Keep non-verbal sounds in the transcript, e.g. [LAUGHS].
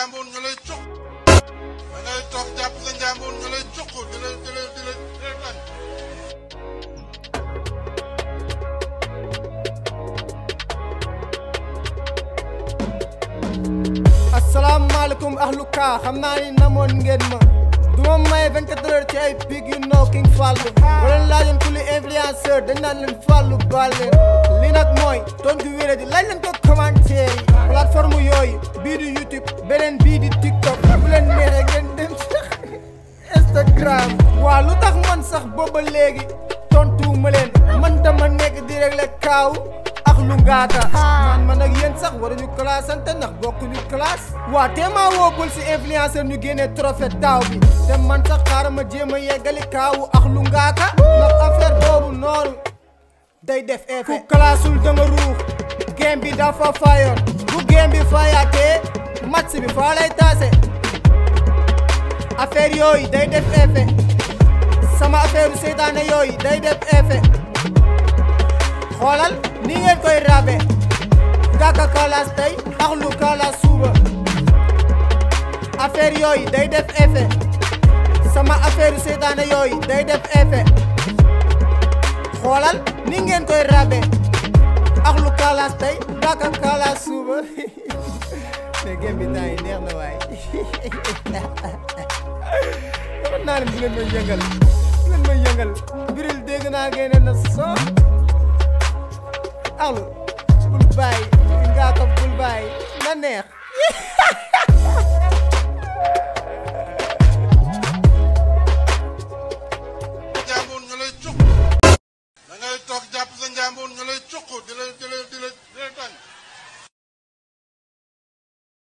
njàmbur ñu lay cuq da ngay toog jàpp sa njàmbur ñu lay cuq di la di la di la di la tànn asalaamaaleykum ahlu kaa xam naa ni namoon ngeen ma du ma maye 24 heures ci ay big you know king Fallou wala laajoon ku li influenceur dañ naan leen Fallou baal leen li nag mooy tontu wéeré di laaj leen ko commentaire yi plateforme yooyu bii di YouTube beneen bii di TikTok bu leen neexee ngeen dem Instagram waa lu tax man sax booba léegi tontu ma leen man ma nekk di réglé kaaw lu ngaata ah. man sax waruñu classante ndax bokkuñu classe waa teema woobul si influenceur ñu génnee trophée daaw bi te ma jéem a yeggali kaawu ak lu ngaata ndax affaire boobu noonu day def effet ku classul da ruux game bi dafa fayoon game bi fa yaatee match bi fa lay taase affaire yooyu day def effet sama affaire seytaane yooyu day def effet xoolal ni ngeen koy rabe gàkka kalaas tey axlu kalaas suuba affaire yooyu day def effet sama affaire seytaane yooyu day def effet xoolal ni ngeen koy rabe axlu kalaas tey daaka kalaas suuba [LAUGHS] mais gém bi neex na waay [LAUGHS] dama naa ne bu ngeen may yëngal bu ngeen may yëngal biril naa ngeen na soo axlu bul bàyyi ngaa bul bàyyi na neex